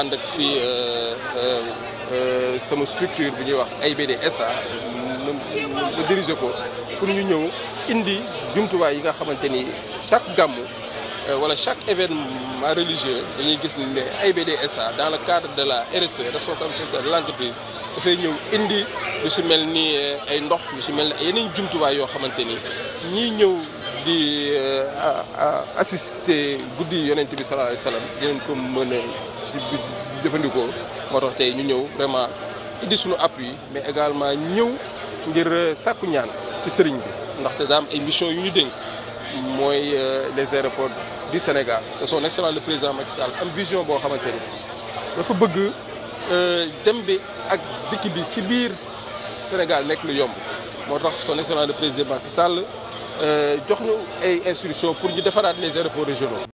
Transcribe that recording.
ànd ak fii euh, euh, euh, sama structure bi ñuy wax AIBD SA mu diriger ko pour ñu ñëw indi jumtuwaay yi nga xamante ni chaque gàmmu wala chaque événement religieux dañuy gis ne AIBD SA dans le cadre de la RSE responsabilité sociale l'entreprise dafay ñëw indi lu si mel ni ay ndox lu si mel ni yeneen jumtuwaay yoo xamante ni ñiy ñëw. di euh, assister guddi yonent bi sallallahu alayhi wa sallam dinañ ko mën a jëfandikoo moo tax tey ñu ñëw vraiment indi suñu appui mais également ñëw ngir euh, sàkku ñaan ci sëriñ bi ndaxte daa am ay mission yu dénk mooy euh, les aéroports du Sénégal te son excellence le président Macky Sall am vision boo xamante ni dafa bëgg dem bi ak dikk bi si biir Sénégal nekk lu yomb moo tax son excellence le président Macky Sall Euh, jox ñu ay instructions pour ñu defaraat les aéroports régionaux